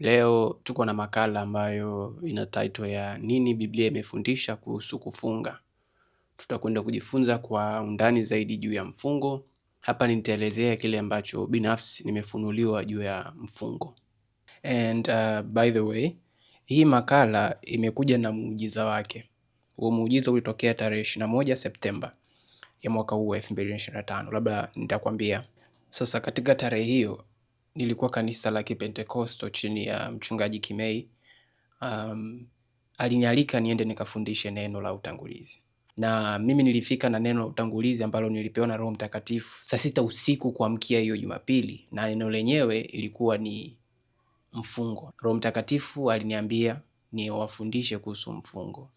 Leo tuko na makala ambayo ina title ya nini Biblia imefundisha kuhusu kufunga. Tutakwenda kujifunza kwa undani zaidi juu ya mfungo. Hapa nitaelezea kile ambacho binafsi nimefunuliwa juu ya mfungo. And uh, by the way, hii makala imekuja na muujiza wake. Huo muujiza ulitokea tarehe moja Septemba ya mwaka huu 2025. Labda nitakwambia sasa katika tarehe hiyo nilikuwa kanisa la Kipentekosto chini ya mchungaji Kimei. Um, alinialika niende nikafundishe neno la utangulizi na mimi nilifika na neno la utangulizi ambalo nilipewa na Roho Mtakatifu saa sita usiku kuamkia hiyo Jumapili, na neno lenyewe ilikuwa ni mfungo. Roho Mtakatifu aliniambia niwafundishe kuhusu mfungo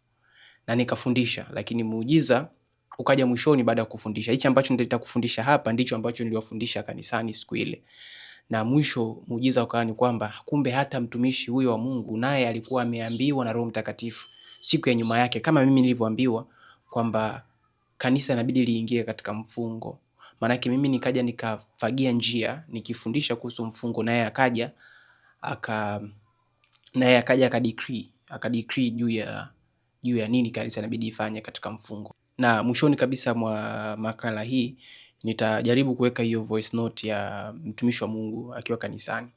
na nikafundisha, lakini muujiza ukaja mwishoni baada ya kufundisha. Hichi ambacho nitakufundisha hapa ndicho ambacho niliwafundisha kanisani siku ile na mwisho muujiza ukawa ni kwamba kumbe hata mtumishi huyo wa Mungu naye alikuwa ameambiwa na Roho Mtakatifu siku ya nyuma yake, kama mimi nilivyoambiwa kwamba kanisa inabidi liingie katika mfungo. Maanake mimi nikaja nikafagia njia nikifundisha kuhusu mfungo, naye akaja aka naye akaja aka decree juu ya juu ya nini kanisa inabidi ifanye katika mfungo. Na mwishoni kabisa mwa makala hii nitajaribu kuweka hiyo voice note ya mtumishi wa Mungu akiwa kanisani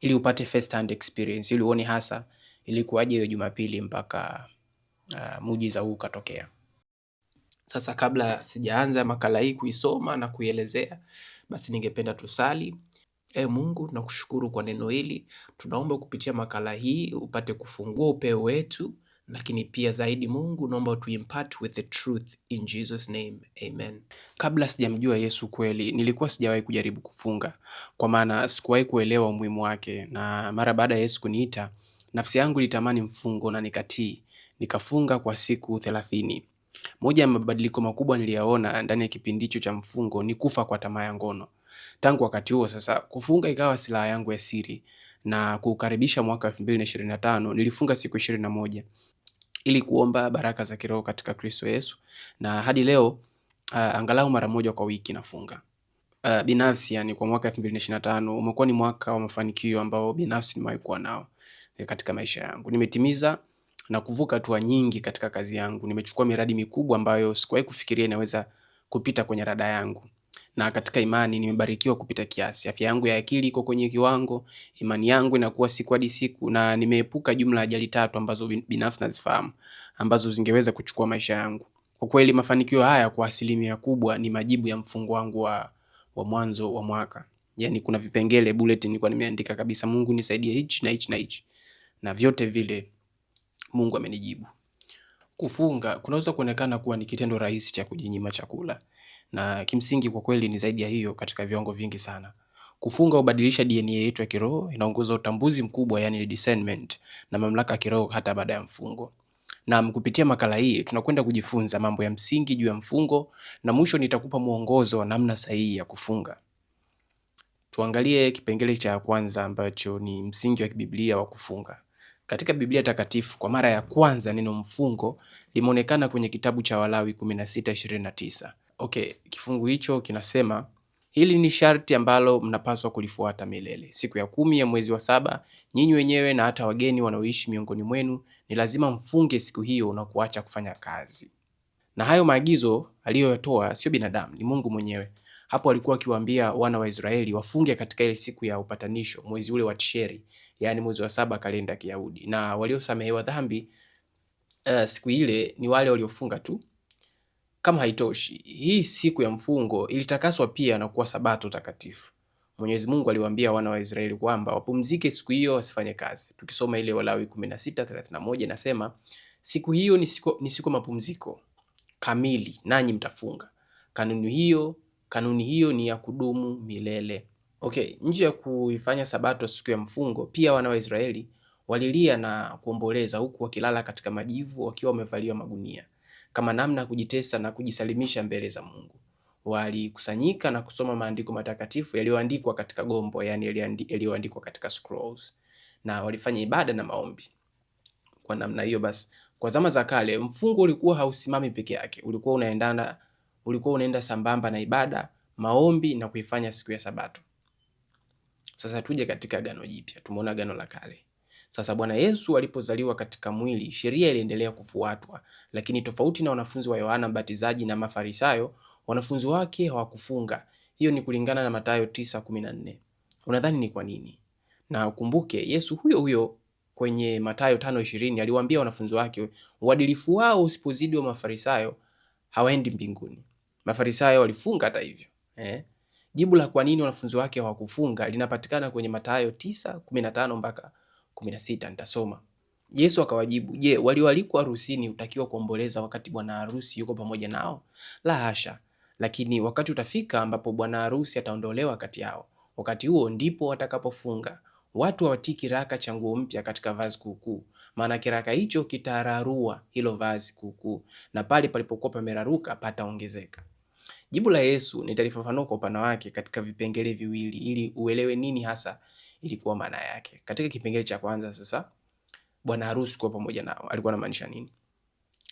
ili upate first hand experience, ili uone hasa ilikuaje hiyo Jumapili mpaka uh, za huu ukatokea. Sasa kabla sijaanza makala hii kuisoma na kuielezea, basi ningependa tusali. E Mungu, nakushukuru kwa neno hili, tunaomba kupitia makala hii upate kufungua upeo wetu lakini pia zaidi Mungu naomba to with the truth in Jesus name. Amen. Kabla sijamjua Yesu kweli, nilikuwa sijawahi kujaribu kufunga, kwa maana sikuwahi kuelewa umuhimu wake, na mara baada ya Yesu kuniita, nafsi yangu ilitamani mfungo na nikatii, nikafunga kwa siku thelathini. Moja ya mabadiliko makubwa niliyaona ndani ya kipindi hicho cha mfungo ni kufa kwa tamaa ya ngono. Tangu wakati huo sasa, kufunga ikawa silaha yangu ya siri, na kuukaribisha mwaka 2025 nilifunga siku 21 ili kuomba baraka za kiroho katika Kristo Yesu, na hadi leo uh, angalau mara moja kwa wiki nafunga. Uh, binafsi yani kwa mwaka 2025 umekuwa ni mwaka wa mafanikio ambao binafsi nimewahi kuwa nao e, katika maisha yangu. Nimetimiza na kuvuka hatua nyingi katika kazi yangu. Nimechukua miradi mikubwa ambayo sikuwahi kufikiria inaweza kupita kwenye rada yangu na katika imani nimebarikiwa kupita kiasi. Afya yangu ya akili iko kwenye kiwango, imani yangu inakuwa siku hadi siku, na nimeepuka jumla ya ajali tatu ambazo binafsi nazifahamu ambazo zingeweza kuchukua maisha yangu. Kwa kweli mafanikio haya kwa asilimia kubwa ni majibu ya mfungo wangu wa, wa mwanzo wa mwaka. Yani kuna vipengele bullet nilikuwa nimeandika kabisa, Mungu nisaidie hichi na hichi na hichi, na vyote vile Mungu amenijibu. Kufunga kunaweza kuonekana kuwa ni kitendo rahisi cha kujinyima chakula, na kimsingi kwa kweli ni zaidi ya hiyo katika viwango vingi sana. Kufunga hubadilisha DNA yetu ya kiroho, inaongoza utambuzi mkubwa, yani discernment na mamlaka ya kiroho hata baada ya mfungo. Na kupitia makala hii tunakwenda kujifunza mambo ya msingi juu ya mfungo na mwisho nitakupa mwongozo wa namna sahihi ya kufunga. Tuangalie kipengele cha kwanza ambacho ni msingi wa kibiblia wa kufunga. Katika Biblia Takatifu kwa mara ya kwanza neno mfungo limeonekana kwenye kitabu cha Walawi 16:29 okay, kifungu hicho kinasema hili ni sharti ambalo mnapaswa kulifuata milele. Siku ya kumi ya mwezi wa saba, nyinyi wenyewe na hata wageni wanaoishi miongoni mwenu ni lazima mfunge siku hiyo na kuacha kufanya kazi. Na hayo maagizo aliyoyatoa sio binadamu, ni Mungu mwenyewe. Hapo alikuwa akiwaambia wana wa Israeli wafunge katika ile siku ya upatanisho, mwezi ule wa Tisheri, yani mwezi wa saba kalenda ya Kiyahudi, na waliosamehewa dhambi uh, siku ile ni wale waliofunga tu kama haitoshi, hii siku ya mfungo ilitakaswa pia na kuwa sabato takatifu. Mwenyezi Mungu aliwaambia wana wa Israeli kwamba wapumzike siku hiyo, wasifanye kazi. Tukisoma ile Walawi 16:31 inasema, siku hiyo ni siku, ni siku mapumziko kamili, nanyi mtafunga. Kanuni hiyo kanuni hiyo ni ya kudumu milele. Okay, nje ya kuifanya sabato siku ya mfungo, pia wana wa Israeli walilia na kuomboleza, huku wakilala katika majivu wakiwa wamevalia magunia kama namna ya kujitesa na kujisalimisha mbele za Mungu. Walikusanyika na kusoma maandiko matakatifu yaliyoandikwa katika gombo, yani yaliyoandikwa katika scrolls, na walifanya ibada na maombi kwa namna hiyo. Basi kwa zama za kale mfungo ulikuwa hausimami peke yake, ulikuwa unaendana, ulikuwa unaenda sambamba na ibada, maombi na kuifanya siku ya Sabato. Sasa tuje katika Agano Jipya, tumeona Agano la Kale. Sasa Bwana Yesu alipozaliwa katika mwili, sheria iliendelea kufuatwa, lakini tofauti na wanafunzi wa Yohana Mbatizaji na Mafarisayo, wanafunzi wake hawakufunga. Hiyo ni kulingana na Mathayo 9:14. Unadhani ni kwa nini? Na ukumbuke Yesu huyo huyo kwenye Mathayo 5:20 aliwaambia wanafunzi wake, uadilifu wao usipozidi wa Mafarisayo hawaendi mbinguni. Mafarisayo walifunga hata hivyo eh? Jibu la kwa nini wanafunzi wake hawakufunga linapatikana kwenye Mathayo 9:15 mpaka 16 nitasoma. Yesu akawajibu, je, walioalikwa harusini hutakiwa kuomboleza wakati bwana harusi yuko pamoja nao? La hasha, lakini wakati utafika ambapo bwana harusi ataondolewa kati yao. Wakati huo ndipo watakapofunga. Watu hawatii kiraka cha nguo mpya katika vazi kuukuu, maana kiraka hicho kitararua hilo vazi kuukuu, na pale palipokuwa pameraruka pataongezeka. Jibu la Yesu nitalifafanua kwa upana wake katika vipengele viwili, ili uelewe nini hasa ilikuwa maana yake. Katika kipengele cha kwanza sasa, bwana harusi kuwa pamoja nao alikuwa anamaanisha nini?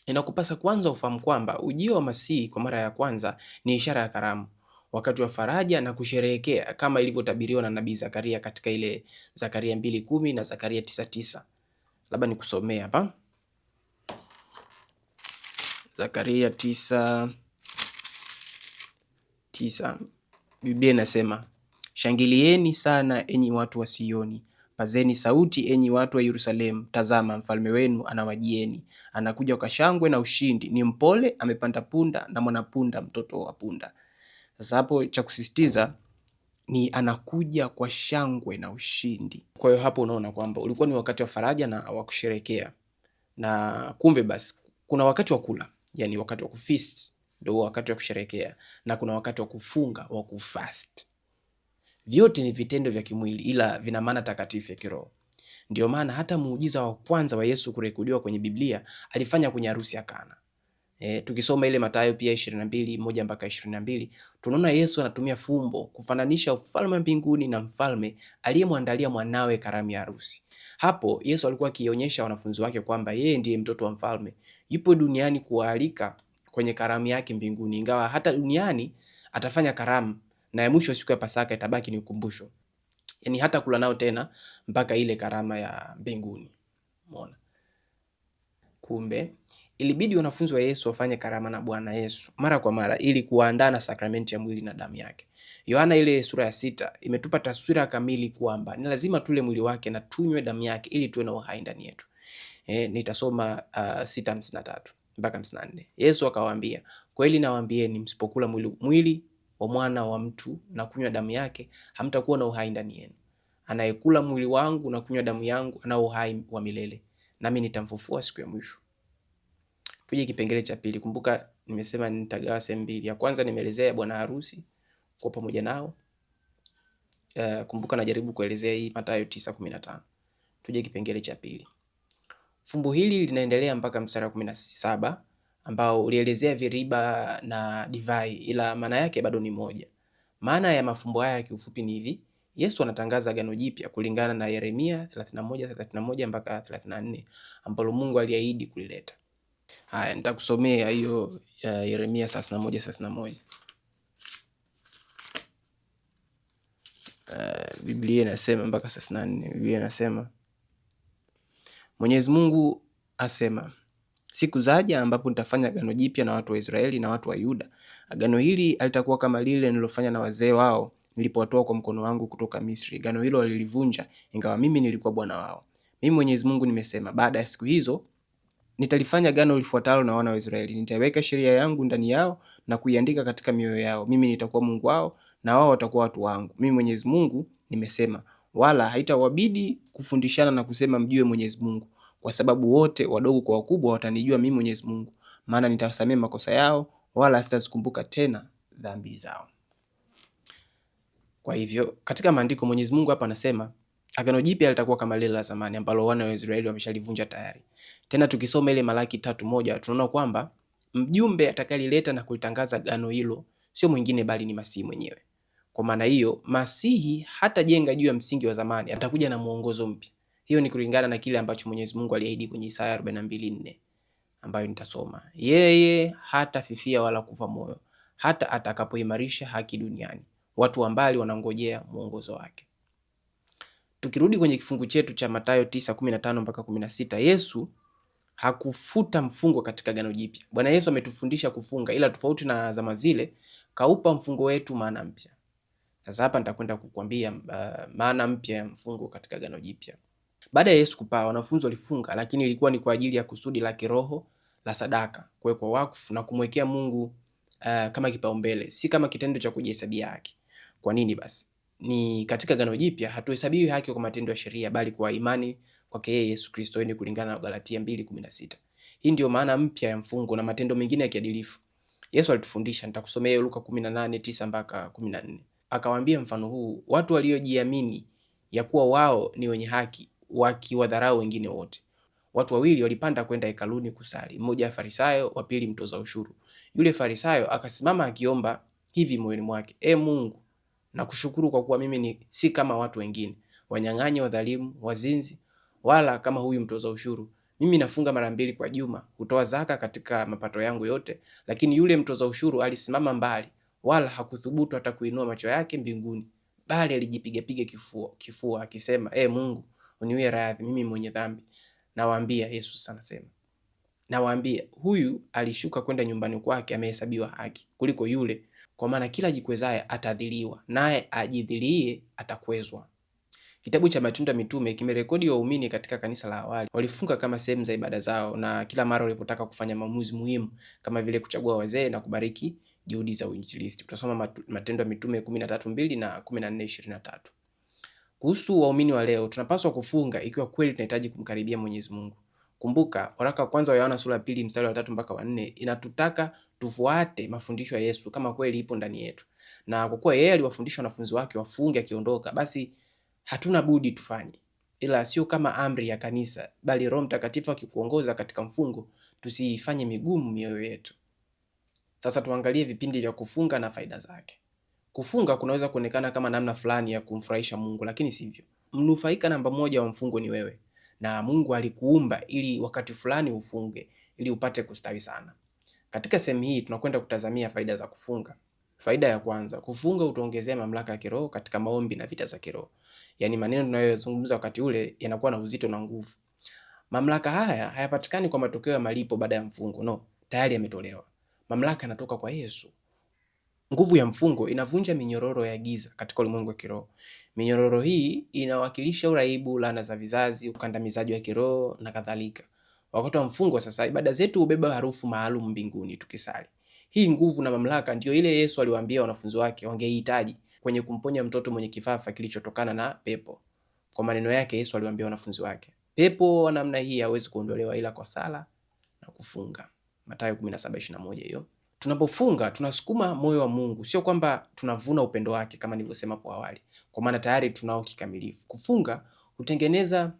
Inakupasa kwanza ufahamu kwamba ujio wa Masihi kwa mara ya kwanza ni ishara ya karamu, wakati wa faraja na kusherehekea, kama ilivyotabiriwa na nabii Zakaria katika ile Zakaria 2:10 na Zakaria 9:9. Labda nikusomee hapa Zakaria 9:9. Biblia inasema Shangilieni sana enyi watu wa Sioni, pazeni sauti enyi watu wa Yerusalemu. Tazama mfalme wenu anawajieni, anakuja kwa shangwe na ushindi, ni mpole, amepanda punda na mwanapunda, mtoto wa punda. Sasa hapo cha kusisitiza ni anakuja kwa shangwe na ushindi. Kwa hiyo hapo unaona kwamba ulikuwa ni wakati wa faraja na wa kusherekea, na kumbe basi kuna wakati wa kula, yani wakati wa kufeast ndio wakati wa kusherekea, na kuna wakati wa kufunga wa kufast. Vyote ni vitendo vya kimwili, ila vina maana takatifu ya kiroho. Ndio maana hata muujiza wa kwanza wa Yesu kurekodiwa kwenye Biblia alifanya kwenye harusi ya Kana. E, tukisoma ile Mathayo pia 22 moja mpaka 22 tunaona Yesu anatumia fumbo kufananisha ufalme wa mbinguni na mfalme aliyemwandalia mwanawe karamu ya harusi. Hapo Yesu alikuwa akionyesha wanafunzi wake kwamba yeye ndiye mtoto wa mfalme, yupo duniani kuwaalika kwenye karamu yake mbinguni, ingawa hata duniani atafanya karamu na ya mwisho siku ya Pasaka itabaki ni ukumbusho, yaani hata kula nao tena mpaka ile karama ya mbinguni. Umeona, kumbe ilibidi wanafunzi wa Yesu wafanye karama na Bwana Yesu mara kwa mara ili kuandaa na sakramenti ya mwili na damu yake. Yohana ile sura ya sita imetupa taswira kamili kwamba ni lazima tule mwili wake na tunywe damu yake ili tuwe na uhai ndani yetu. E, nitasoma uh, sita hamsini na tatu mpaka hamsini na nne. Yesu akawaambia, kweli nawaambieni msipokula mwili, mwili wa mwana wa mtu na kunywa damu yake, hamtakuwa na uhai ndani yenu. Anayekula mwili wangu na kunywa damu yangu anao uhai wa milele, nami nitamfufua siku ya mwisho. Tuje kipengele cha pili. Kumbuka nimesema nitagawa sehemu mbili. Ya kwanza nimeelezea bwana harusi kwa pamoja nao. Uh, kumbuka najaribu kuelezea hii Mathayo 9:15. Tuje kipengele cha pili. Fumbo hili linaendelea mpaka mstari wa 17 ambao ulielezea viriba na divai, ila maana yake bado ni moja. Maana ya mafumbo haya kiufupi ni hivi: Yesu anatangaza agano jipya kulingana na Yeremia 31:31 mpaka 34 ambalo Mungu aliahidi kulileta. Haya, nitakusomea hiyo ya eh, Yeremia 31:31. Uh, eh, Biblia inasema mpaka 34. Biblia inasema Mwenyezi Mungu asema siku zaja ambapo nitafanya agano jipya na watu wa Israeli na watu wa Yuda. Agano hili alitakuwa kama lile nilofanya na wazee wao nilipowatoa kwa mkono wangu kutoka Misri. Agano hilo walilivunja, ingawa mimi nilikuwa Bwana wao. Mimi Mwenyezi Mungu nimesema, baada ya siku hizo nitalifanya agano lifuatalo na wana wa Israeli, nitaiweka sheria yangu ndani yao na kuiandika katika mioyo yao. Mimi nitakuwa Mungu wao na wao watakuwa watu wangu. Mimi Mwenyezi Mungu nimesema, wala haitawabidi kufundishana na kusema mjue Mwenyezi Mungu kwa sababu wote wadogo kwa wakubwa watanijua mimi Mwenyezi Mungu, maana nitawasamehe makosa yao wala sitazikumbuka tena dhambi zao. Kwa hivyo katika maandiko Mwenyezi Mungu hapa anasema agano jipya litakuwa kama lile la zamani ambalo wana wa Israeli wameshalivunja tayari. Tena tukisoma ile Malaki tatu moja tunaona kwamba mjumbe atakayeleta na kulitangaza agano hilo sio mwingine bali ni Masihi mwenyewe. Kwa maana hiyo, Masihi hatajenga juu ya msingi wa zamani, atakuja na mwongozo mpya. Hiyo ni kulingana na kile ambacho Mwenyezi Mungu aliahidi kwenye Isaya 42:4 ambayo nitasoma. Yeye hata fifia wala kufa moyo hata atakapoimarisha haki duniani. Watu wa mbali wanangojea mwongozo wake. Tukirudi kwenye kifungu chetu cha Mathayo 9:15 mpaka 16, Yesu hakufuta mfungo katika gano Jipya. Bwana Yesu ametufundisha kufunga, ila tofauti na zama zile kaupa mfungo wetu maana mpya. Sasa hapa nitakwenda kukuambia uh, maana mpya ya mfungo katika gano Jipya. Baada ya Yesu kupaa, wanafunzi walifunga, lakini ilikuwa ni kwa ajili ya kusudi la kiroho la sadaka, kuwekwa wakfu na kumwekea Mungu uh, kama kipaumbele, si kama kitendo cha kujihesabia haki. Kwa nini basi? Ni katika gano Jipya hatuhesabiwi haki kwa matendo ya sheria, bali kwa imani kwake yeye Yesu Kristo. Hii ni yaani kulingana na Galatia 2:16. Hii ndio maana mpya ya mfungo na matendo mengine ya kiadilifu Yesu alitufundisha. Nitakusomea Luka 18:9 mpaka 14. Akawaambia mfano huu, watu waliojiamini ya kuwa wao ni wenye haki wakiwadharau wengine wote. Watu wawili walipanda kwenda hekaluni kusali, mmoja Farisayo, wa pili mtoza ushuru. Yule Farisayo akasimama akiomba hivi moyoni mwake, E Mungu, nakushukuru kwa kuwa mimi ni si kama watu wengine, wanyang'anyi, wadhalimu, wazinzi, wala kama huyu mtoza ushuru. Mimi nafunga mara mbili kwa juma, hutoa zaka katika mapato yangu yote. Lakini yule mtoza ushuru alisimama mbali, wala hakuthubutu hata kuinua macho yake mbinguni, bali alijipigapiga kifua kifua, akisema, E Mungu, uniwe radhi mimi mwenye dhambi. Nawaambia, Yesu anasema nawaambia, huyu alishuka kwenda nyumbani kwake amehesabiwa haki kuliko yule, kwa maana kila jikwezaye atadhiliwa, naye ajidhilie atakwezwa. Kitabu cha Matendo ya Mitume kimerekodi waumini katika kanisa la awali walifunga kama sehemu za ibada zao, na kila mara walipotaka kufanya maamuzi muhimu kama vile kuchagua wazee na kubariki juhudi za uinjilisti. Tutasoma Matendo ya Mitume 13:2 na 14:23. Kuhusu waumini wa leo, tunapaswa kufunga ikiwa kweli tunahitaji kumkaribia Mwenyezi Mungu. Kumbuka waraka wa kwanza wa Yohana sura ya pili mstari wa tatu mpaka wa nne inatutaka tufuate mafundisho ya Yesu kama kweli ipo ndani yetu, na kwa kuwa yeye aliwafundisha wanafunzi wake wafunge akiondoka, basi hatuna budi tufanye, ila sio kama amri ya kanisa, bali Roho Mtakatifu akikuongoza katika mfungo tusiifanye migumu mioyo yetu. Sasa tuangalie vipindi vya kufunga na faida zake. Kufunga kunaweza kuonekana kama namna fulani ya kumfurahisha Mungu, lakini sivyo. Mnufaika namba moja wa mfungo ni wewe, na Mungu alikuumba ili wakati fulani ufunge ili upate kustawi sana. Katika sehemu hii tunakwenda kutazamia faida za kufunga. Faida ya kwanza, kufunga hutuongezea mamlaka ya kiroho katika maombi na vita za kiroho. Yaani maneno tunayozungumza wakati ule yanakuwa na uzito na nguvu. Mamlaka haya hayapatikani kwa matokeo ya malipo baada ya mfungo, no, tayari yametolewa. Mamlaka yanatoka kwa Yesu. Nguvu ya mfungo inavunja minyororo ya giza katika ulimwengu wa kiroho. Minyororo hii inawakilisha uraibu, laana za vizazi, ukandamizaji wa kiroho na kadhalika. Wakati wa mfungo sasa, ibada zetu hubeba harufu maalum mbinguni tukisali. Hii nguvu na mamlaka ndiyo ile Yesu aliwaambia wanafunzi wake wangeihitaji kwenye kumponya mtoto mwenye kifafa kilichotokana na pepo. Kwa maneno yake, Yesu aliwaambia wanafunzi wake, pepo wa namna hii hawezi kuondolewa ila kwa sala na kufunga. Mathayo 17:21 hiyo. Tunapofunga tunasukuma moyo wa Mungu, sio kwamba tunavuna upendo wake kama nilivyosema hapo awali, kwa maana tayari tunao kikamilifu. Kufunga hutengeneza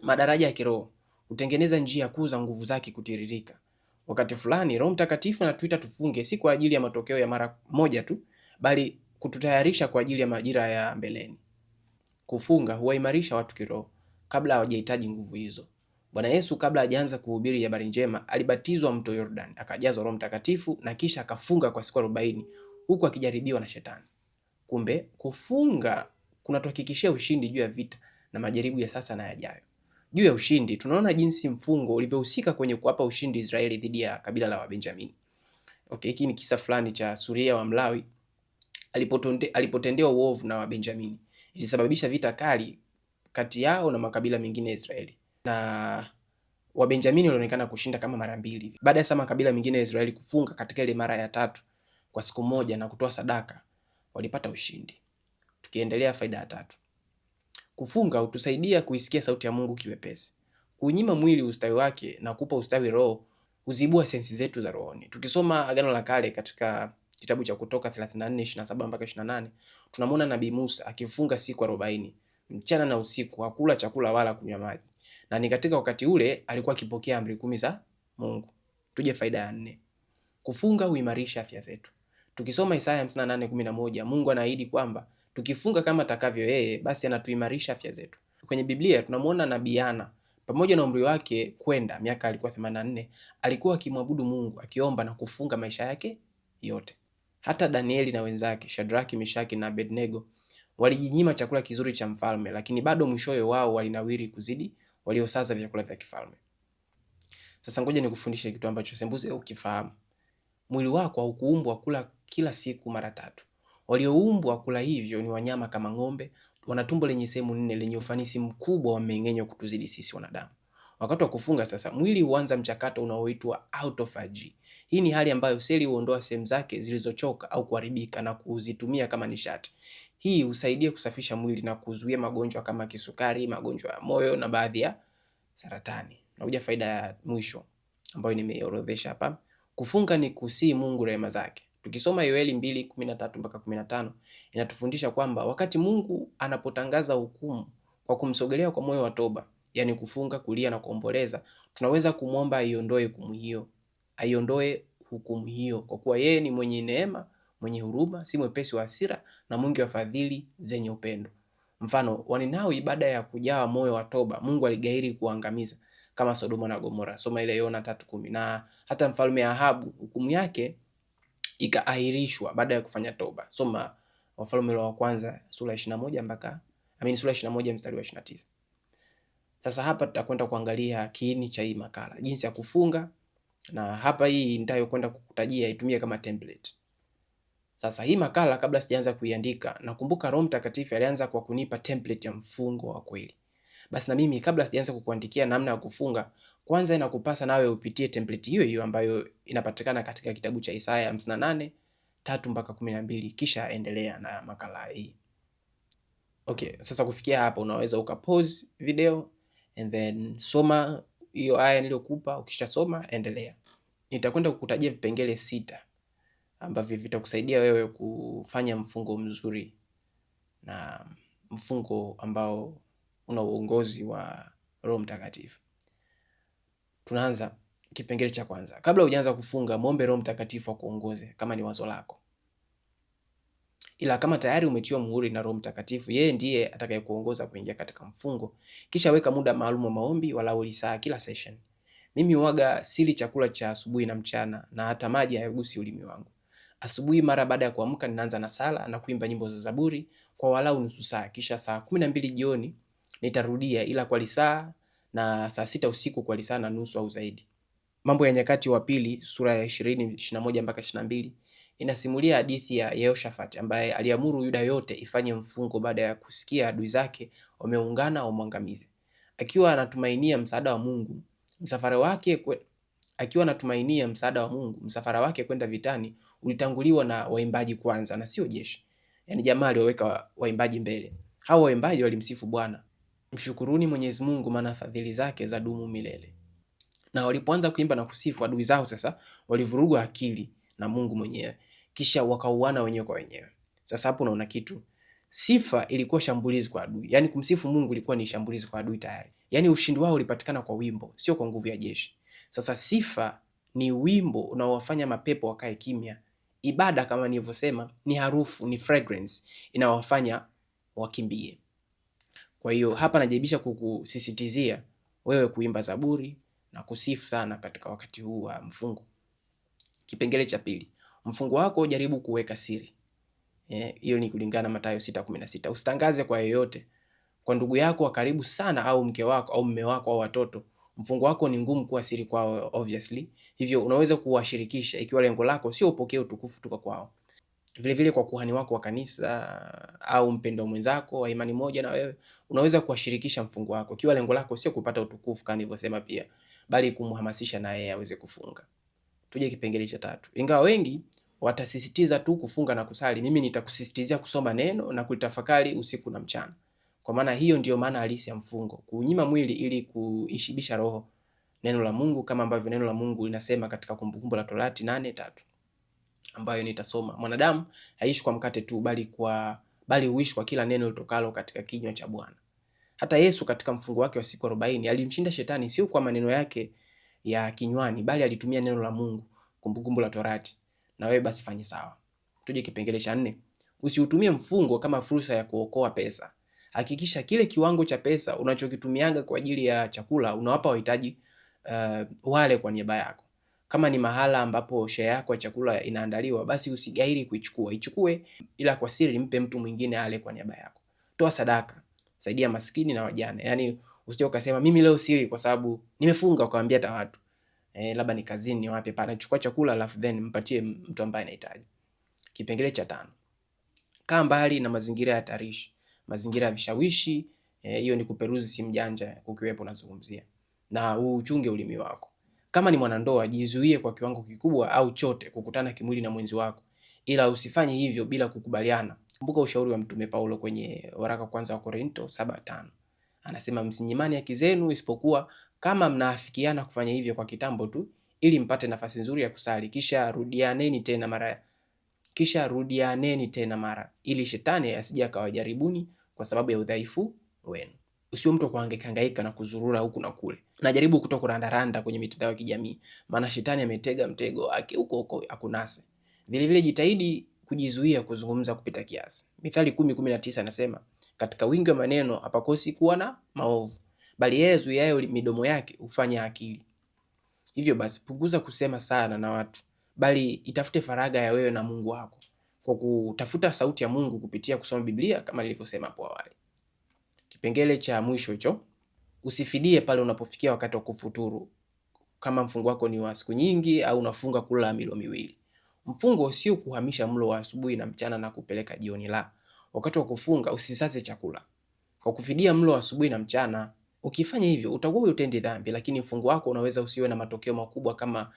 madaraja ya kiroho, hutengeneza njia kuu za nguvu zake kutiririka. Wakati fulani Roho Mtakatifu anatuita tufunge, si kwa ajili ya matokeo ya mara moja tu, bali kututayarisha kwa ajili ya majira ya mbeleni. Kufunga huwaimarisha watu kiroho kabla hawajahitaji nguvu hizo. Bwana Yesu kabla hajaanza kuhubiri habari njema alibatizwa mto Yordan, akajazwa Roho Mtakatifu na kisha akafunga kwa siku 40 huku akijaribiwa na Shetani. Kumbe kufunga kunatuhakikishia ushindi juu ya vita na majaribu ya sasa na yajayo. Juu ya ushindi, tunaona jinsi mfungo ulivyohusika kwenye kuwapa ushindi Israeli dhidi ya kabila la Wabenjamini. Okay, hiki ni kisa fulani cha Suria wa Mlawi alipotendewa uovu na Wabenjamini, ilisababisha vita kali kati yao na makabila mengine ya Israeli na Wabenjamini walionekana kushinda kama mara mbili. Baada ya saa makabila mengine ya Israeli kufunga katika ile mara ya tatu kwa siku moja na kutoa sadaka, walipata ushindi. Tukiendelea, faida ya tatu, kufunga hutusaidia kuisikia sauti ya Mungu kiwepesi. Kunyima mwili ustawi wake na kupa ustawi roho huzibua sensi zetu za rohoni. Tukisoma Agano la Kale katika kitabu cha Kutoka 34:27 mpaka 28, tunamwona Nabii Musa akifunga siku 40 mchana na usiku, hakula chakula wala kunywa maji na ni katika wakati ule alikuwa akipokea amri kumi za Mungu. Tuje faida ya nne, kufunga huimarisha afya zetu. Tukisoma Isaya 58:11 Mungu anaahidi kwamba tukifunga kama atakavyo yeye, basi anatuimarisha afya zetu. Kwenye Biblia tunamuona nabii Ana pamoja na umri wake kwenda miaka alikuwa 84, alikuwa akimwabudu Mungu akiomba na kufunga maisha yake yote. Hata Danieli na wenzake Shadraki, Meshaki na Abednego walijinyima chakula kizuri cha mfalme, lakini bado mwishowe wao walinawiri kuzidi waliosaza vyakula vya kifalme. Sasa ngoja nikufundishe kitu ambacho sembuzi ukifahamu. Mwili wako haukuumbwa kula kila siku mara tatu. Walioumbwa kula hivyo ni wanyama kama ng'ombe, wana tumbo lenye sehemu nne lenye ufanisi mkubwa wa mmeng'enyo kutuzidi sisi wanadamu. Wakati wa kufunga sasa, mwili huanza mchakato unaoitwa autophagy. Hii ni hali ambayo seli huondoa sehemu zake zilizochoka au kuharibika na kuzitumia kama nishati. Hii husaidia kusafisha mwili na kuzuia magonjwa kama kisukari, magonjwa ya moyo na baadhi ya saratani. Nakuja faida ya mwisho ambayo nimeorodhesha hapa. Kufunga ni kusii Mungu rehema zake. Tukisoma Yoeli 2:13 mpaka 15 inatufundisha kwamba wakati Mungu anapotangaza hukumu kwa kumsogelea kwa moyo wa toba, yani kufunga, kulia na kuomboleza, tunaweza kumwomba aiondoe hukumu hiyo, aiondoe hukumu hiyo, kwa kuwa yeye ni mwenye neema mwenye huruma, si mwepesi wa hasira na mwingi wa fadhili zenye upendo. Mfano, Waninawi baada ya kujawa moyo wa toba, Mungu aligairi kuangamiza kama Sodoma na Gomora. Soma ile Yona 3:10. Na hata mfalme Ahabu hukumu yake ikaahirishwa baada ya kufanya toba. Soma Wafalme wa kwanza sura ya 21 mpaka amini sura ya 21 mstari wa 29. Sasa hapa tutakwenda kuangalia kiini cha hii makala, jinsi ya kufunga na hapa hii nitayokwenda kukutajia itumie kama template. Sasa hii makala kabla sijaanza kuiandika, nakumbuka Roho Mtakatifu alianza kwa kunipa template ya mfungo wa kweli. Basi na mimi kabla sijaanza kukuandikia namna ya kufunga, kwanza inakupasa nawe upitie template hiyo hiyo ambayo inapatikana katika kitabu cha Isaya 58 3 mpaka 12, kisha endelea na makala hii. Okay, sasa kufikia hapa unaweza ukapause video and then soma hiyo aya niliyokupa. Ukishasoma endelea. Nitakwenda kukutajia vipengele sita ambavyo vitakusaidia wewe kufanya mfungo mzuri na mfungo ambao una uongozi wa Roho Mtakatifu. Tunaanza kipengele cha kwanza. Kabla ujaanza kufunga, mwombe Roho Mtakatifu akuongoze kama ni wazo lako, ila kama tayari umetiwa muhuri na Roho Mtakatifu, yeye ndiye atakayekuongoza kuingia katika mfungo. Kisha weka muda maalum wa maombi, walau saa kila session. Mimi waga sili chakula cha asubuhi na mchana, na hata maji hayagusi ulimi wangu. Asubuhi mara baada ya kuamka ninaanza na sala na kuimba nyimbo za Zaburi kwa walau nusu saa, kisha saa kumi na mbili jioni nitarudia, ila kwa lisaa na saa sita usiku kwa lisaa na nusu au zaidi. Mambo ya Nyakati wa Pili sura ya 20, moja mpaka mbili inasimulia hadithi ya Yehoshafat ambaye aliamuru Yuda yote ifanye mfungo baada ya kusikia adui zake wameungana wamwangamize. Akiwa anatumainia msaada wa Mungu, msafara wake akiwa anatumainia msaada wa Mungu, msafara wake kwenda vitani ulitanguliwa na waimbaji kwanza na sio jeshi. Yaani jamaa aliwaweka waimbaji mbele. Hao waimbaji walimsifu Bwana, mshukuruni Mwenyezi Mungu, maana fadhili zake za dumu milele. Na walipoanza kuimba na kusifu, adui zao sasa walivurugwa akili na Mungu mwenyewe, kisha wakauana wenyewe kwa wenyewe. Sasa hapo unaona kitu Sifa ilikuwa shambulizi kwa adui, yaani kumsifu Mungu ilikuwa ni shambulizi kwa adui tayari. Yaani ushindi wao ulipatikana kwa wimbo, sio kwa nguvu ya jeshi. Sasa sifa ni wimbo unaowafanya mapepo wakae kimya. Ibada kama nilivyosema ni harufu, ni fragrance inawafanya wakimbie. Kwa hiyo hapa najaribisha kukusisitizia wewe kuimba zaburi na kusifu sana katika wakati huu wa mfungo. Kipengele cha pili, mfungo wako jaribu kuweka siri. Eh, hiyo ni kulingana Mathayo 6:16. Usitangaze kwa yeyote, kwa ndugu yako wa karibu sana, au mke wako au mme wako au watoto Mfungo wako ni ngumu kuwa siri kwao obviously, hivyo unaweza kuwashirikisha ikiwa lengo lako sio upokee utukufu kutoka kwao. Vile vile kwa kuhani wako wa kanisa au mpendwa mwenzako wa imani moja na wewe, unaweza kuwashirikisha mfungo wako ikiwa lengo lako sio kupata utukufu kama nilivyosema pia, bali kumhamasisha na yeye aweze kufunga. Tuje kipengele cha tatu. Ingawa wengi watasisitiza tu kufunga na kusali, mimi nitakusisitizia kusoma neno na kulitafakari usiku na mchana. Kwa maana hiyo ndiyo maana halisi ya mfungo, kunyima mwili ili kuishibisha roho, neno la Mungu, kama ambavyo neno la Mungu linasema katika Kumbukumbu la Torati nane tatu ambayo nitasoma, mwanadamu haishi kwa mkate tu, bali kwa bali huishi kwa kila neno litokalo katika kinywa cha Bwana. Hata Yesu katika mfungo wake wa siku 40 alimshinda shetani sio kwa maneno yake ya kinywani, bali alitumia neno la Mungu, Kumbukumbu la Torati. Na wewe basi fanye sawa. Tuje kipengele cha nne, usiutumie mfungo kama fursa ya kuokoa pesa hakikisha kile kiwango cha pesa unachokitumianga kwa ajili ya chakula unawapa wahitaji uh, wale kwa niaba yako. Kama ni mahala ambapo share yako ya chakula inaandaliwa, basi usigairi kuichukua, ichukue ila kwa siri, mpe mtu mwingine ale kwa niaba yako. Toa sadaka, saidia maskini na wajane. Yani usije ukasema mimi leo siri kwa sababu nimefunga, ukawaambia hata watu eh, labda ni kazini ni wapi. Pana, chukua chakula alafu then mpatie mtu ambaye anahitaji. Kipengele cha tano, kaa mbali na mazingira ya hatarishi mazingira ya vishawishi eh, hiyo eh, ni kuperuzi simu janja ukiwepo unazungumzia, na uchunge ulimi wako. Kama ni mwanandoa, jizuie kwa kiwango kikubwa au chote kukutana kimwili na mwenzi wako, ila usifanye hivyo bila kukubaliana. Kumbuka ushauri wa Mtume Paulo kwenye waraka kwanza wa Korinto 7:5 anasema, msinyimani haki zenu, isipokuwa kama mnaafikiana kufanya hivyo kwa kitambo tu, ili mpate nafasi nzuri ya kusali, kisha rudianeni tena mara kisha rudianeni tena mara, ili shetani asije akawajaribuni kwa sababu ya udhaifu wenu. Usio mtu kuhangaikahangaika na kuzurura huku na kule, najaribu kuto kurandaranda kwenye mitandao ya kijamii, maana shetani ametega mtego aki huko huko akunase. Vilevile jitahidi kujizuia kuzungumza kupita kiasi. Mithali 10:19 anasema katika wingi wa maneno hapakosi kuwa na maovu, bali yeye zuiaye midomo yake hufanya akili. Hivyo basi, punguza kusema sana na watu bali itafute faraga ya wewe na Mungu wako kwa kutafuta sauti ya Mungu kupitia kusoma Biblia kama nilivyosema hapo awali. Kipengele cha mwisho hicho, usifidie pale unapofikia wakati wa kufuturu. Kama mfungo wako ni wa siku nyingi au unafunga kula milo miwili, mfungo sio kuhamisha mlo wa asubuhi na mchana na kupeleka jioni. La, wakati wa kufunga usisaze chakula kwa kufidia mlo wa asubuhi na mchana. Ukifanya hivyo utakuwa utendi dhambi, lakini mfungo wako unaweza usiwe na matokeo makubwa kama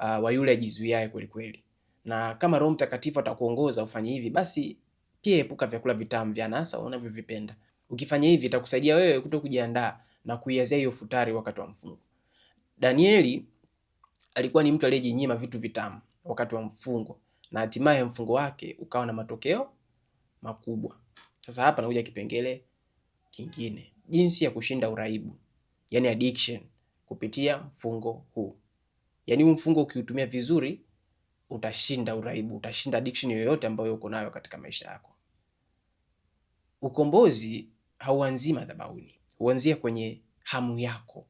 uh, wa yule ajizuiaye kwelikweli. Na kama Roho Mtakatifu atakuongoza ufanye hivi, basi pia epuka vyakula vitamu vya anasa unavyovipenda. Ukifanya hivi itakusaidia wewe kuto kujiandaa na kuiazia hiyo futari wakati wa mfungo. Danieli alikuwa ni mtu aliyejinyima vitu vitamu wakati wa mfungo na hatimaye mfungo wake ukawa na matokeo makubwa. Sasa hapa nakuja kipengele kingine, jinsi ya kushinda uraibu, yani addiction kupitia mfungo huu. Yani huu mfungo ukiutumia vizuri utashinda uraibu, utashinda addiction yoyote ambayo uko nayo katika maisha yako. Ukombozi hauanzii madhabahuni, huanzia kwenye hamu yako.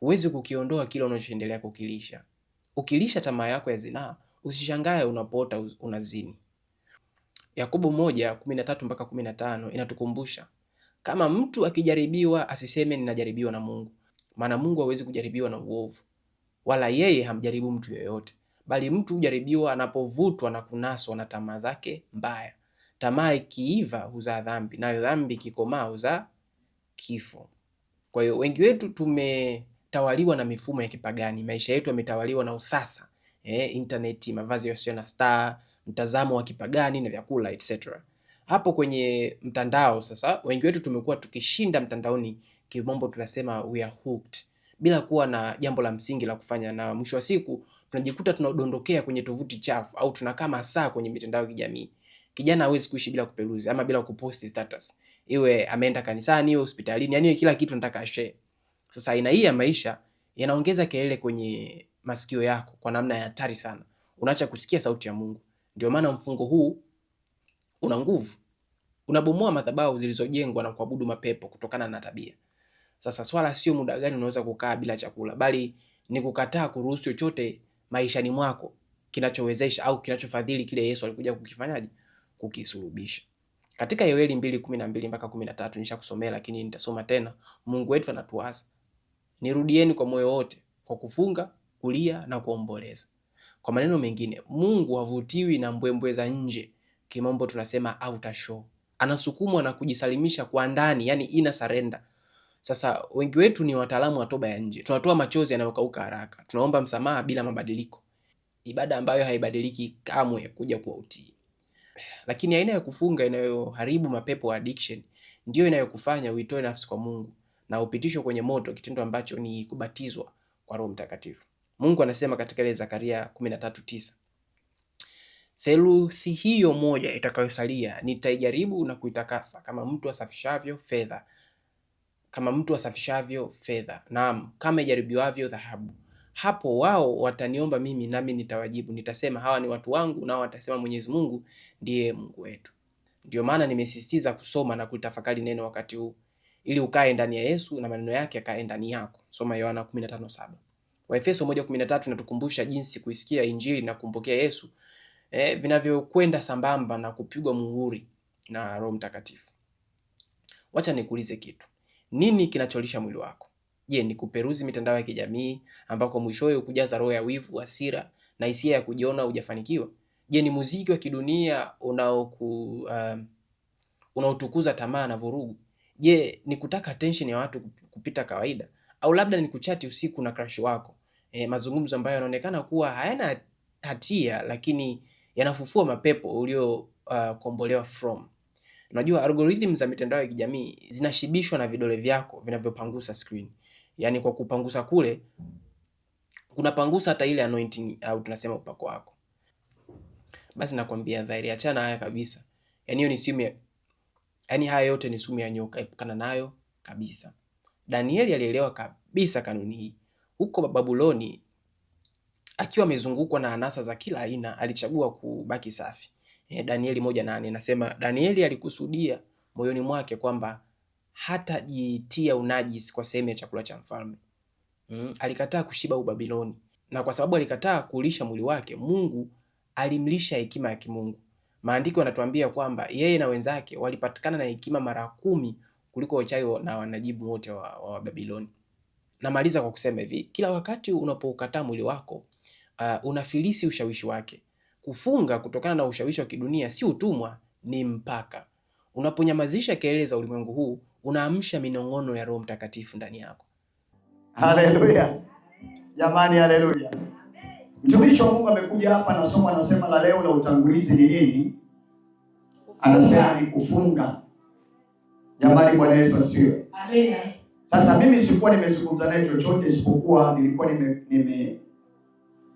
Huwezi kukiondoa kile unachoendelea kukilisha. Ukilisha tamaa yako ya zinaa, usishangae unapoota unazini. Yakobo moja kumi na tatu mpaka kumi na tano inatukumbusha kama mtu akijaribiwa, asiseme ninajaribiwa na Mungu, maana Mungu hawezi kujaribiwa na uovu wala yeye hamjaribu mtu yoyote bali mtu hujaribiwa anapovutwa na kunaswa na tamaa zake mbaya. Tamaa ikiiva huzaa dhambi, nayo dhambi ikikomaa huzaa kifo. Kwa hiyo wengi wetu tumetawaliwa na mifumo ya kipagani, maisha yetu yametawaliwa na usasa eh, intaneti, mavazi yasiyo na staa, mtazamo wa kipagani na vyakula etc. Hapo kwenye mtandao sasa, wengi wetu tumekuwa tukishinda mtandaoni, kimombo tunasema we are hooked bila kuwa na jambo la msingi la kufanya, na mwisho wa siku tunajikuta tunadondokea kwenye tovuti chafu au tunakaa masaa kwenye mitandao ya kijamii. Kijana hawezi kuishi bila kuperuzi ama bila kupost status, iwe ameenda kanisani, iwe hospitalini, yani kila kitu nataka share. Sasa aina hii ya maisha yanaongeza kelele kwenye masikio yako kwa namna ya hatari sana, unaacha kusikia sauti ya Mungu. Ndio maana mfungo huu una nguvu, unabomoa madhabahu zilizojengwa na kuabudu mapepo kutokana na tabia. Sasa swala sio muda gani unaweza kukaa bila chakula, bali ni kukataa kuruhusu chochote maishani mwako kinachowezesha au kinachofadhili kile Yesu alikuja kukifanyaje? Kukisulubisha. Katika Yoeli 2:12 mpaka 13 nishakusomea, lakini nitasoma tena. Mungu wetu anatuasa nirudieni kwa moyo wote, kwa kufunga, kulia na kuomboleza. Kwa maneno mengine, Mungu havutiwi na mbwembwe za nje, kimombo tunasema outer show. Anasukumwa na kujisalimisha kwa ndani, yani ina surrender sasa wengi wetu ni wataalamu wa toba ya nje, tunatoa machozi yanayokauka haraka, tunaomba msamaha bila mabadiliko, ibada ambayo haibadiliki kamwe kuja kwa utii. Lakini aina ya kufunga inayoharibu mapepo wa addiction ndiyo inayokufanya uitoe nafsi kwa Mungu na upitishwe kwenye moto, kitendo ambacho ni kubatizwa kwa Roho Mtakatifu. Mungu anasema katika ile Zakaria 13:9, theluthi hiyo moja itakayosalia nitaijaribu na kuitakasa kama mtu asafishavyo fedha kama mtu asafishavyo fedha, naam, kama ijaribiwavyo dhahabu, hapo wao wataniomba mimi, nami nitawajibu, nitasema hawa ni watu wangu, nao watasema Mwenyezi Mungu ndiye Mungu wetu. Ndio maana nimesisitiza kusoma na kutafakari neno wakati huu ili ukae ndani ya Yesu na maneno yake yakae ndani yako. Soma Yohana 15:7. Waefeso 1:13 inatukumbusha jinsi kuisikia Injili na kumpokea Yesu eh, vinavyokwenda sambamba na kupigwa muhuri na Roho Mtakatifu. Wacha nikuulize kitu. Nini kinacholisha mwili wako? Je, ni kuperuzi mitandao ya kijamii ambako mwishowe hukujaza roho ya wivu, hasira na hisia ya kujiona hujafanikiwa? Je, ni muziki wa kidunia unaoku uh, unaotukuza tamaa na vurugu? Je, ni kutaka attention ya watu kupita kawaida, au labda ni kuchati usiku na crush wako? E, mazungumzo ambayo yanaonekana kuwa hayana hatia, lakini yanafufua mapepo uliokombolewa uh, from Unajua algorithm za mitandao ya kijamii zinashibishwa na vidole vyako vinavyopangusa screen. Yaani kwa kupangusa kule kuna pangusa hata ile anointing au tunasema upako wako. Basi nakwambia dhahiri, achana haya kabisa. Yaani hiyo ni sumu ya, yaani haya yote ni sumu ya nyoka, epukana nayo kabisa. Danieli alielewa kabisa kanuni hii. Huko Babuloni akiwa amezungukwa na anasa za kila aina, alichagua kubaki safi e, Danieli moja nane nasema, Danieli alikusudia moyoni mwake kwamba hatajitia unajisi kwa sehemu ya chakula cha mfalme. Mm, alikataa kushiba ubabiloni, na kwa sababu alikataa kulisha mwili wake, Mungu alimlisha hekima ya kimungu. Maandiko yanatuambia kwamba yeye na wenzake walipatikana na hekima mara kumi kuliko wachawi na wanajibu wote wa, wa, wa Babiloni. Namaliza kwa kusema hivi, kila wakati unapokataa mwili wako, uh, unafilisi ushawishi wake. Kufunga kutokana na ushawishi wa kidunia si utumwa, ni mpaka. Unaponyamazisha kelele za ulimwengu huu, unaamsha minong'ono ya Roho Mtakatifu ndani yako. Haleluya jamani, haleluya. Mtumishi wa Mungu amekuja hapa na somo, anasema la leo la utangulizi ni nini? Anasema ni kufunga. Jamani, Bwana Yesu asifiwe. Amina. Sasa mimi sikuwa nimezungumza naye chochote isipokuwa nilikuwa nime, nime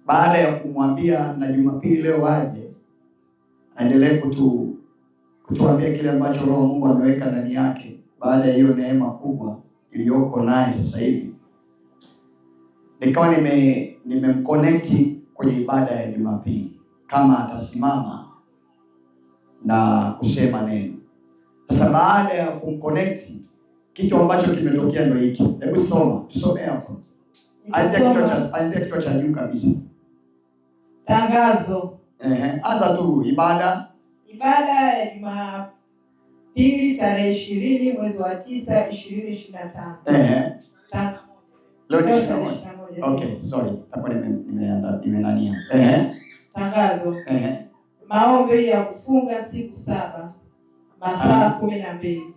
baada ya kumwambia na Jumapili leo aje aendelee kutu kutuambia kile ambacho Roho Mungu ameweka ndani yake baada ya hiyo neema kubwa iliyoko naye sasa hivi. Nikawa nime nimemconnect kwenye ibada ya Jumapili kama atasimama na kusema neno. Sasa baada ya kumconnect kitu ambacho kimetokea ndio hiki. Hebu soma, tusome hapo. Anzia kichwa cha anzia kichwa cha juu kabisa. Tangazo. Ehe, tu ibada. Ibada ya Jumapili tarehe ishirini mwezi wa tisa ishirini ishirini na tano. Leo ni Okay, sorry. Tangazo. Maombi ya kufunga siku saba masaa kumi na mbili.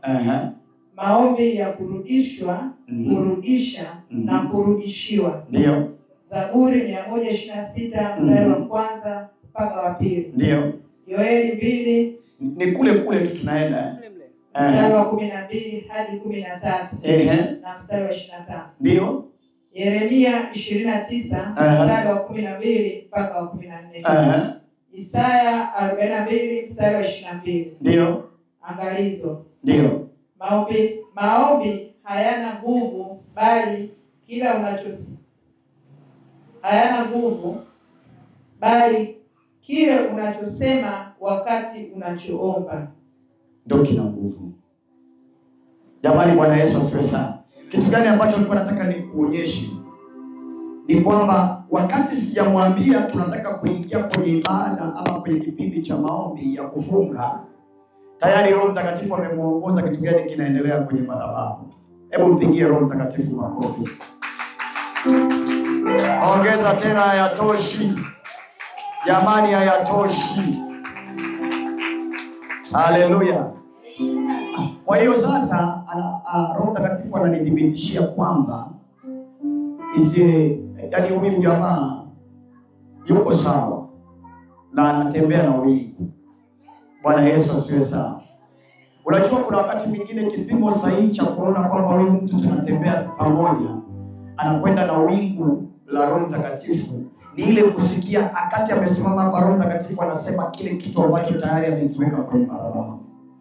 Maombi ya kurudishwa, mm-hmm. kurudisha na mm-hmm. kurudishiwa. Ndio. Zaburi mia moja ishirini na sita mstari wa mhm. kwanza mpaka wa pili ndio Yoeli mbili ni kule kule tu tunaenda eh. mstari wa kumi na mbili hadi kumi na tatu na mstari wa ishirini na tano ndio Yeremia ishirini na tisa mstari wa kumi na mbili mpaka wa kumi na nne Isaya arobaini na mbili mstari wa ishirini na mbili ndio angalizo ndio maombi maombi hayana nguvu bali kila unacho hayana nguvu, bali kile unachosema wakati unachoomba ndio kina nguvu. Jamani, Bwana Yesu asifiwe sana. Kitu gani ambacho nilikuwa nataka nikuonyeshe ni kwamba wakati sijamwambia tunataka kuingia kwenye ibada ama kwenye kipindi cha maombi ya kufunga, tayari Roho Mtakatifu amemwongoza kitu gani kinaendelea kwenye madhabahu. Hebu mpigie Roho Mtakatifu makofi. Ongeza tena, hayatoshi jamani, hayatoshi. Haleluya! Kwa hiyo sasa Roho Mtakatifu ananithibitishia kwamba isiwe yaani, huyu jamaa yuko sawa na anatembea na ulingo. Bwana Yesu asifiwe sana. Unajua, kuna wakati mwingine kipimo sahihi cha kuona kwamba huyu mtu tunatembea pamoja, anakwenda na wingu la Roho Mtakatifu ni ile kusikia akati amesimama kwa Roho Mtakatifu anasema kile kitu ambacho tayari amekiweka kwenye barabara.